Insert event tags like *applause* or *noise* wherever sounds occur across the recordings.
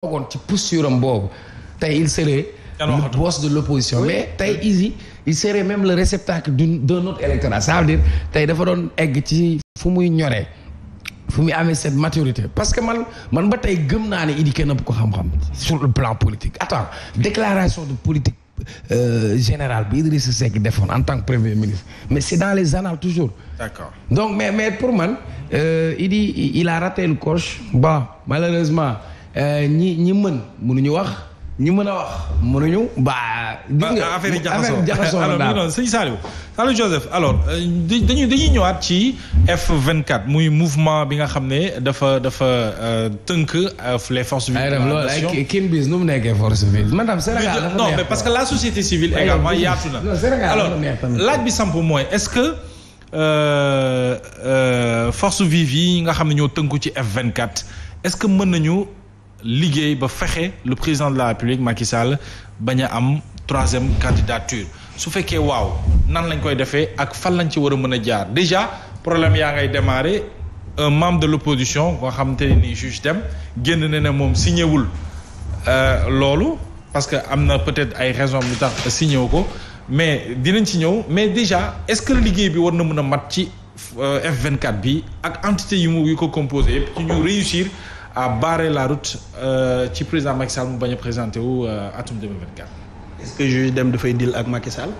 toogoon ci posture am boobu tey il serait le boss de l'opposition mais tey Izi il serait même le réceptacle d'un autre électorat ça veut dire tey dafa doon egg ci fu muy ñoree fu muy amee cette maturité parce que man man ba tey gëm naa ne Idy kenn bu ko xam-xam sur le plan politique attends déclaration de politique Euh, général bi Idrissa Seck defoon en tant que premier ministre mais c'est dans les annales toujours. D'accord. donc mais mais pour man euh, il dit il a raté le Euh, ñi ñi mën ñu wax ñi mën a wax mënuñu baa. gis nga affaire yi jaxasoo *laughs* alors non sëñ Saliou Saliou Joseph alors euh, dañuy dañuy ñëwaat ci F24 muy mouvement bi nga xam ne dafa dafa euh, tënk les forces vives. ay loolu kin mu nekkee force vive. madame Sénégal parce que la société civile. également yaatu laaj bi samp mooy est-ce que. force vive yi nga xam ne ñoo tënku ci F24 est-ce que mën nañu. liggéey ba fexe le président de la république Macky Sall bañ a am troisième candidature su fekkee waaw nan lañ koy defee ak fan lañ ci war a mën a jaar déjà problème yaa ngay démarrer un membre de l'opposition nga xam te ni juge dem génn na ne moom signéwul euh, loolu parce que am na peut-être ay raisons lu tax signé wu ko mais dinañ ci ñëw mais déjà est-ce que liggéey bi war na mën a mat ci euh, F24 bi ak entité yu mu yu ko composé yëpp ci ñu réussir à barrer la route euh, ci président Macky Sall mu bañu a présenté wu euh, atum 2024. est-ce que juge dem dafay dil ak Macky Sall.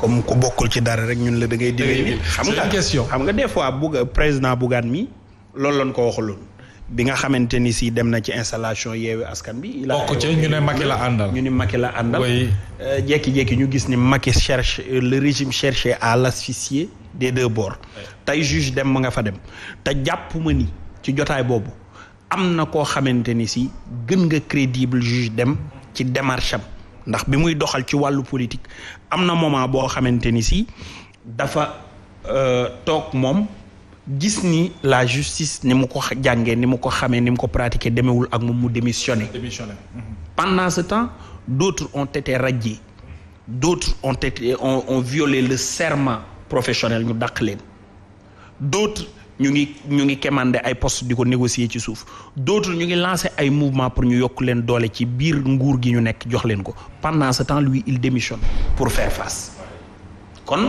comme ku bokkul ci dara rek ñun la dangay ngay. dégg xam nga question xam nga des fois bugg président Bougane mi loolu lañ ko waxaloon. bi nga xamante ni si dem na ci installation yeewi askan bi. bokk ci ñu ne Macky la àndal ñu ni Macky la àndal. jékki-jékki ñu gis ni Macky cherche euh, le régime cherche à l'asphyxier des deux bords. tey juge dem ma nga fa dem te jàpp ma ni ci jotaay boobu. am na koo xamante ni si gën nga crédible juge dem ci démarche ndax bi muy doxal ci wàllu politique am na moment boo xamante ni si dafa euh, toog moom gis ni la justice ni mu ko jàngee ni mu ko xamee ni mu ko pratiquer demewul ak moom mu démissionné. démissionné mm-hmm. pendant ce temps d'autres ont été radiés d'autres ont été ont, ont le serment professionnel ñu dàq leen ñu ngi ñu ngi quémander ay post di ko négocier ci suuf d'autres ñu ngi lancer ay mouvement pour ñu yokk leen doole ci biir nguur gi ñu nekk jox leen ko pendant ce temps lui il pour faire face kon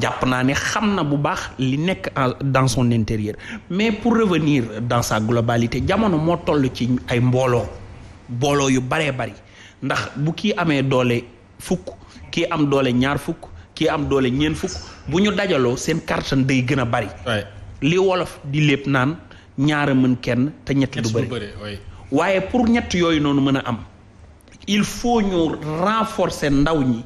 jàpp naa ni xam na bu baax li nekk dans son intérieur mais pour revenir dans sa globalité jamono moo toll ci ay mbooloo mbooloo yu baree bari ndax bu kii amee doole fukk kii am doole ñaar fukk kii am doole ñeent fukk bu ñu dajaloo seen kàttan day gën a bari li wolof di lépp naan ñaara mën kenn te ñett du bëri waaye pour ñett yooyu noonu mën a am il faut ñu renforcer ndaw ñi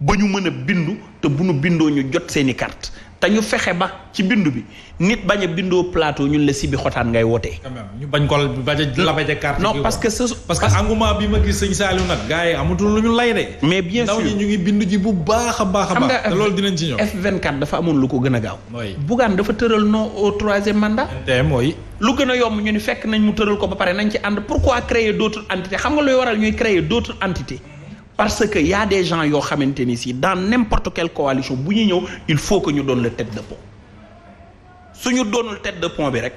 ba ñu mën a bindu te bu ñu bindoo ñu jot seeni carte te ñu fexe ba ci bindu bi nit bañ a bindoo plateau ñun la si bi xotaan ngay wootee. quand même ñu bañ ko bañ a labaje carte non parce que parce que engouement bi ma gis sëñ Saliou nag gars yi amatul lu ñu lay de. mais bien sûr ñu ngi bind ji bu baax a baax a loolu dinañ ci ñëw F24 dafa amoon lu ko gën a gaaw. Bougane dafa tëral non au troisième mandat. mooy. lu gën a yomb ñu ni fekk nañ mu tëral ko ba pare nañ ci ànd pourquoi créer d' autres entités xam nga luy waral ñuy créer dootul autres parce que y des gens yoo xamante ni si dans n'importe quelle coalition bu ñu ñëw il faut que ñu doon la tête de pont su ñu doonul tête de pont bi rek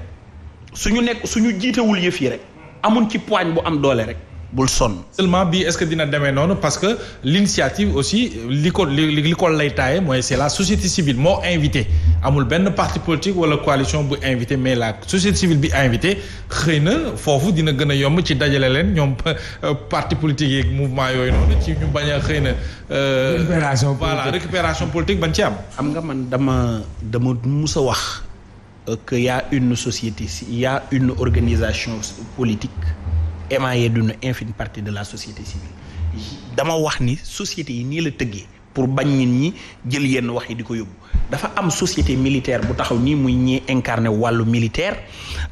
su ñu nekk su ñu jiitewul yëf yi rek amuñ ci poigne bu am doole rek. bul sonn. seulement bii est-ce que dina demee noonu parce que l'initiative aussi li ko li li ko lay taaye mooy c'est la société civile moo invité amul benn parti politique wala coalition bu invité mais la société civile bi invité xëy na foofu dina gën a yomb ci dajale leen ñoom euh, parti politique yeeg mouvement yooyu noonu ci ñu bañ a xëy na. Euh, récupération politique voilà récupération politique bañ ci am. xam nga man dama dama mus a wax. Euh, que y une société il y une organisation politique. émaillé d'une infime partie de la société civile dama wax ni société yi nii la tëggee pour bañ nit ñi jël yenn wax yi di ko yóbbu dafa am société militaire bu taxaw nii muy ñi incarné wàllu militaire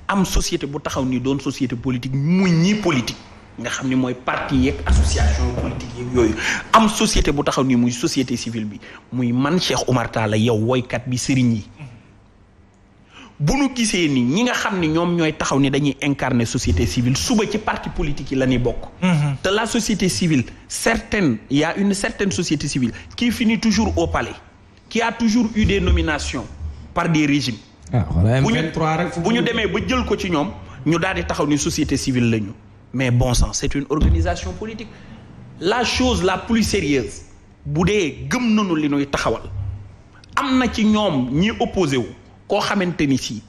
am société bu taxaw nii doon société politique muy ñi politique nga xam ni mooy parti yeeg association politique yeeg yooyu am société bu taxaw nii muy société civile bi muy man Cheikh Oumar Talla yow woykat bi sëriñ yi bu nu gisee ni ñi nga xam ne ñoom ñooy taxaw ni dañuy incarner société civile suba ci parti politique yi la ñuy bokk. Mhm. te la société civile certaine une certaine société civile qui finit toujours au palais qui a toujours eu des nominations par des régimes. ah bu ñu bu ñu demee ba jël ko ci ñoom ñu daal di taxaw ni société civile lañu mais bon sang c'est une organisation politique la chose la plus sérieuse bu dee gëm nañu li ñuy taxawal am na ci ñoom ñi opposé wu. koo xamante ni si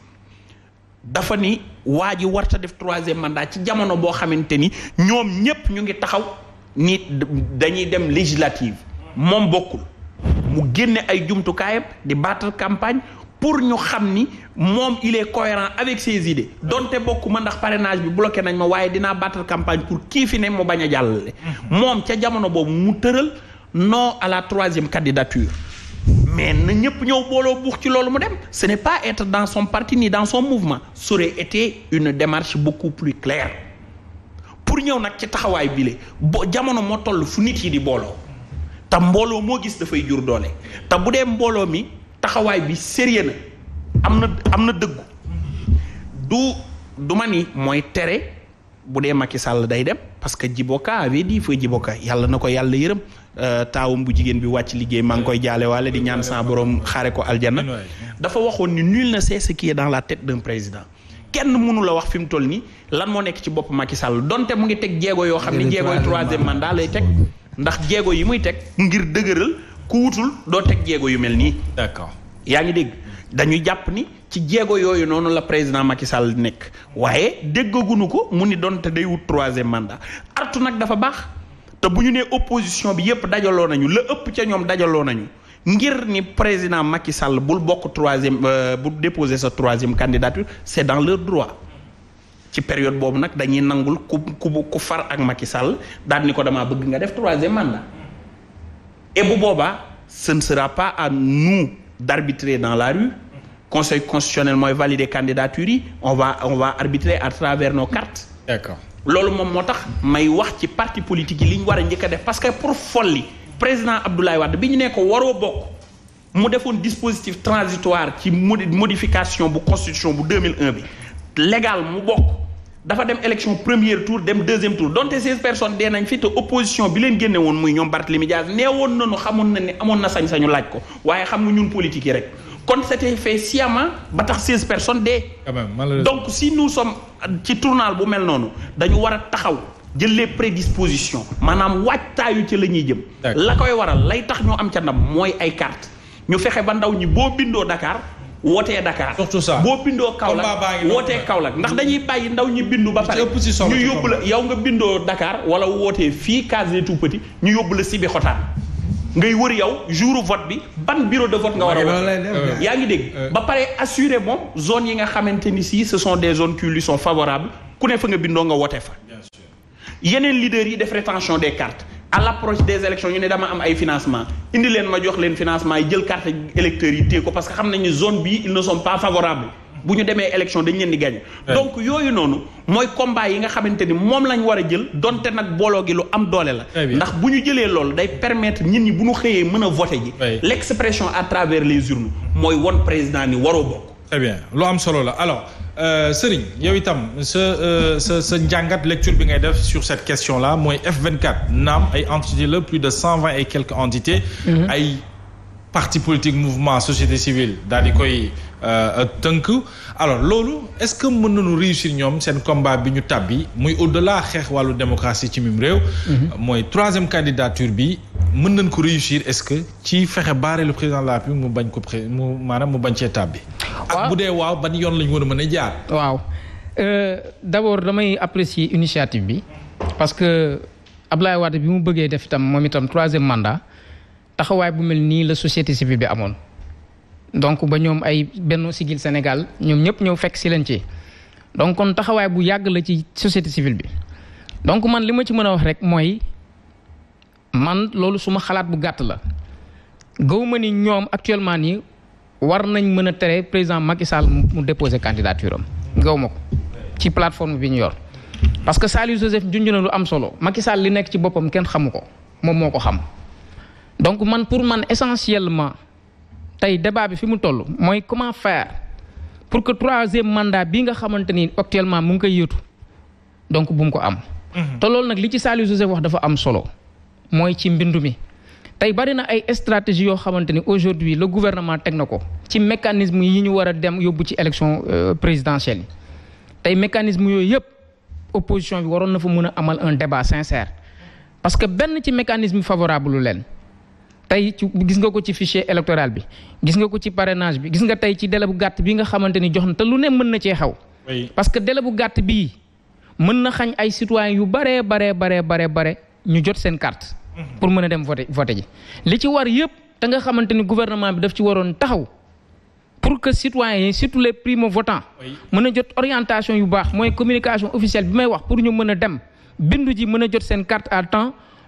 dafa ni waa ji warta def troisième mandat ci jamono boo xamante ni ñoom ñépp ñu ngi taxaw ni dañuy dem législative moom bokkul mu génne ay jumtukaayam di battre campagne pour ñu xam ni moom il est cohérent avec ses idées donte bokkuma ndax parrainage bi bloqué nañ ma waaye dinaa battre campagne pour kii fi ne mu bañ a jàllale mm-hmm. moom ca jamono boobu mu tëral non à la troisième candidature mais na ñëpp ñëw booloo buux ci loolu mu dem ce n'est pas être dans son parti ni dans son mouvement ça aurait été une démarche beaucoup plus claire pour ñëw nag ci taxawaay bile bo jamono moo toll fu nit yi di booloo te mbooloo moo gis dafay jur doole te bu dee mbooloo mi taxawaay bi sérieux na am na am na dëggu du du ma ni mooy tere bu dee Macky Sall day dem parce que Djibo Ka avait dit feu Djibo Ka yàlla na ko yàlla yërëm Euh, taawum bu jigéen bi wàcc liggéey maa ngi koy jaalewaale di ñaan san borom xaare ko aljana dafa waxoon ni nul na sait ce qui est dans la tête d'un président kenn mënu wax fi mu toll nii lan moo nekk ci bopp Sall donte mu ngi teg jéego xam ni jéego troisième mandat lay teg ndax jéego yi muy teg ngir dëgëral ku wutul doo teg jéego yu mel nii. d'accord yaa ngi dégg dañuy jàpp ni ci jéego yooyu noonu la président Macky Sall nekk waaye déggagunu ko mu ni donte day wut troisième mandat artu nag dafa baax. te bu ñu nee opposition bi yépp dajaloo nañu la ëpp ca ñoom dajaloo nañu ngir ni président Macky Sall bul bokk troisième euh, bu déposer sa troisième candidature c'est dans leur droit ci période boobu nag dañuy nangul ku ku ku far ak Macky sàll daal ko damaa bëgg nga def troisième mandat et bu boobaa ce ne sera pas à nous d'arbitrer dans la rue conseil constitutionnel mooy valider candidature yi on va on va arbitrer à travers nos cartes loolu moom moo tax may wax ci parti politique yi li ñu war a njëkk a def parce que pour folli président Abdoulaye Wade bi ñu ne ko waroo bokk mu defoon dispositif transitoire ci modification bu constitution bu mille un bi légal mu bokk dafa dem élection premier tour dem deuxième tour donte seize personnes dee nañ fi te opposition bi leen génne woon muy ñoom Barthélémy Dias nee woon nu xamoon na ne amoon na sañ-sañu laaj ko waaye xam nga ñun politique yi rek kon c'était fait sciemment ba tax seize personnes dee. donc si nous sommes ci tournal bu mel noonu dañu war a taxaw jël les maanaam waajtaayu ci la ñuy jëm. la koy waral lay tax ñu am ca ndam mooy ay carte ñu fexe ba ndaw ñi boo bindoo dakaar wootee dakaar surtout boo bindoo Kaolack wootee Kaolack ndax dañuy bàyyi ndaw ñi bindu ba pare ñu yóbbu la yow nga bindoo dakaar wala wootee fii Case des tout ñu yóbbu la Sébikotane ngay wër yow jour vote bi ban bureau de vote nga war a wax yaa ngi dégg euh, euh. ba pare assuré moom zone yi nga xamante ni si ce sont des zones qui lui sont ku ne fa nga bindoo nga wote fa yeneen leaders yi def rétention des cartes à l'approche des élections ñu ne dama am ay financement indi leen ma jox leen financement yi jël carte électeurs yi ko parce que xam nañu zone bii ils ne sont pas favorables bu ñu demee élection dañ leen di gagné. donc yooyu noonu mooy combat yi nga xamante ni moom lañ war a jël donte nag booloo gi lu am doole la. ndax bu ñu jëlee loolu day permettre nit ñi bu ñu xëyee mën a voté ji. l' expression à travers les urnes mooy won président ni waroo bokk. très lu am solo la alors euh, Serigne yow itam sa euh, sa sa njàngat lecture bi ngay def sur cette question là mooy F24 naam ay entité la plus de cent vingt et quelques entités. Mm-hmm. ay parti politique mouvement société civile daal di koy euh, tënk alors loolu est-ce que mën nañu réussir ñoom seen combat bi ñu tàbbi muy au-delà xeex wàllu démocratie ci mim réew mhm. mooy troisième candidature bi mën nañ ko réussir est-ce que ci fexe baare le la République mu bañ ko pré mu maanaam mu bañ cee tàbbi ak bu dee waaw ban yoon la ñu war a mën a jaar waaw euh, d'abord damay apprécier initiative bi parce que Ablaye Wade bi mu bëggee def itam moom itam troisième mandat taxawaay bu mel nii la société civile bi amoon donc ba ñoom ay benn Siggil Sénégal ñoom ñëpp ñëw fekk si leen ci donc kon taxawaay bu yàgg la ci société civile bi donc man li ma ci mën a wax rek mooy man loolu suma xalaat bu gàtt la gëw ma ni ñoom actuellement nii war nañ mën a tere président Macky Sall mu déposer candidature am gëw ma ko ci plateforme bi ñu yor parce que Saliou Joseph junj am solo Macky Sall li nekk ci boppam kenn xamu ko moom moo ko xam. donc man pour man essentiellement tey débat bi fi mu toll mooy comment faire pour que troisième mandat bii nga xamante ni actuellement mu ngi koy yëtu donc bu mu ko am. Mhm. te loolu nag li ci Saliou Joseph wax dafa am solo mooy ci mbindu mi. tey bari na ay stratégie yoo xamante ni aujourd'hui le gouvernement teg na ko ci mécanisme yi ñu war a dem yóbbu ci élection euh, présidentielle yi tey mécanisme yooyu yëpp opposition bi waroon na fa mën a amal un débat sincère parce que benn ci mécanisme favorable lu leen tey ci gis nga ko ci fichier électoral bi gis nga ko ci parrainage bi gis nga tey ci délai bu gàtt bi nga xamante ni jox na te lu ne mën na cee xaw. parce que délai bu gàtt bi mën na xañ ay citoyens yu baree baree baree baree bare ñu jot seen carte. Mhm. pour mën a dem voté voté ji li ci war yëpp te nga xamante ni gouvernement bi daf ci waroon taxaw. pour que citoyens yi surtout les primo votants mën a jot orientation yu baax mooy communication officielle bi may wax pour ñu mën a dem bindu ji mën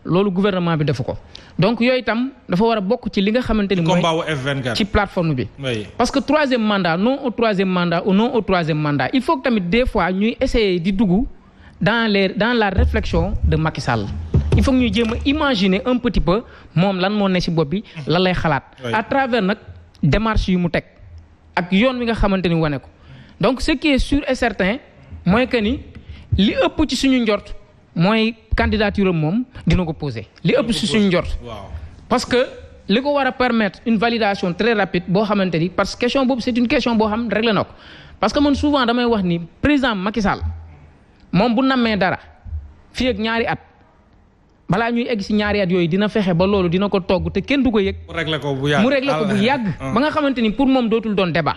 loolu gouvernement bi defu ko donc yooyu itam dafa war a bokk ci li nga xamante ni mooy ci plateforme bi parce que troisième mandat non au troisième mandat ou non au troisième mandat il faut que tamit des fois ñuy essayer di dugg dans les dans la réflexion de Macky Sall il faut ñuy jéem a imaginer un petit peu moom lan moo ne ci bopp bi lan lay xalaat à travers nag démarche yu mu teg ak yoon wi nga xamante ni wane ko donc ce qui est sûr et certain mooy que ni li ëpp ci suñu njor mooy candidature am moom dina ko poser li ëpp si suñ njort parce que li ko war a permettre une validation très rapide boo xamante ni parce que question boobu c'est une question boo xam réglé na ko parce que man souvent damay wax ni président Macky moom bu nammee dara fii ak ñaari at balaa ñuy egg ci ñaari at yooyu dina fexe ba loolu dina ko togg te kenn du ko yëg. mu réglé ko bu yàgg mu réglé ah. yàgg. ba nga xamante ni pour moom dootul doon débat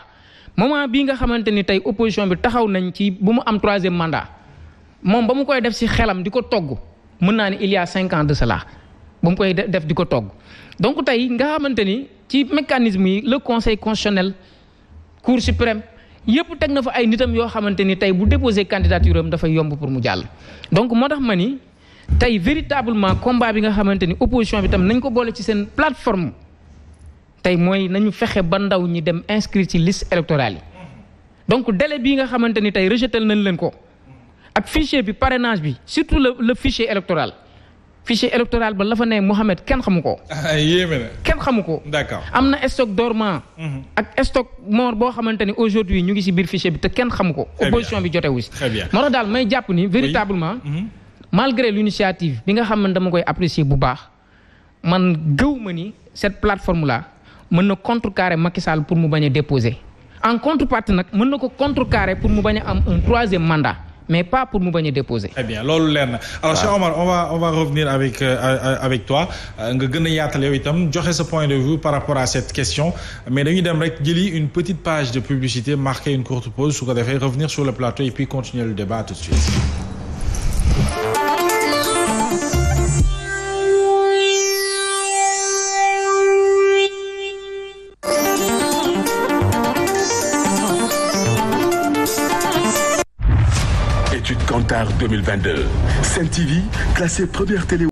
moment bii nga xamante ni tey opposition bi taxaw nañ ci bu mu am troisième mandat. moom ba mu koy def si xelam di ko togg mën naa ne il y cinq ans de cela ba mu koy def di ko togg donc tey nga xamante ni ci mécanisme yi le conseil constitutionnel cour suprême yëpp teg na fa ay nitam yoo xamante ni tey bu déposé candidature am dafay yomb pour mu jàll. donc moo tax ma ni tey véritablement combat bi nga xamante ni opposition bi tam nañ ko boole ci seen plateforme tey mooy nañu fexe ba ndaw ñi dem inscrit ci liste électorale yi donc délai ni tey rejeté nañ leen ko. ak fichier bi parrainage bi surtout le le fichier électoral fichier électoral ba la fa ne Mouhamed kenn xamu ko. Ah, yéeme na kenn xamu ko. d'accord am na stock dormant. Mhm. ak stock mort boo xamante ni aujourd'hui ñu ngi si biir fichier bi te kenn xamu ko. opposition bi jotewu ci. très bien moo tax daal may jàpp ni véritablement. Mhm. malgré l'initiative bi nga xam ne dama koy apprécier bu baax man gëw ma ni cette plateforme la mën na contre Macky Sall pour mu bañ a déposer en contre contrepartie nag mën na ko contrecarrer pour mu bañ a am un troisième mandat. mais pas pour mu bañ a déposer. très bien loolu leer na alors Cheikh Omar on va on va revenir avec euh, euh avec toi euh, nga gën a yaatal yow itam joxe sa point de vue par rapport à cette question mais dañuy dem rek jëli une petite page de publicité marquer une courte pause su ko defee revenir sur le plateau et puis continuer le débat tout de suite. Dakar 2022 Sen TV classé première télé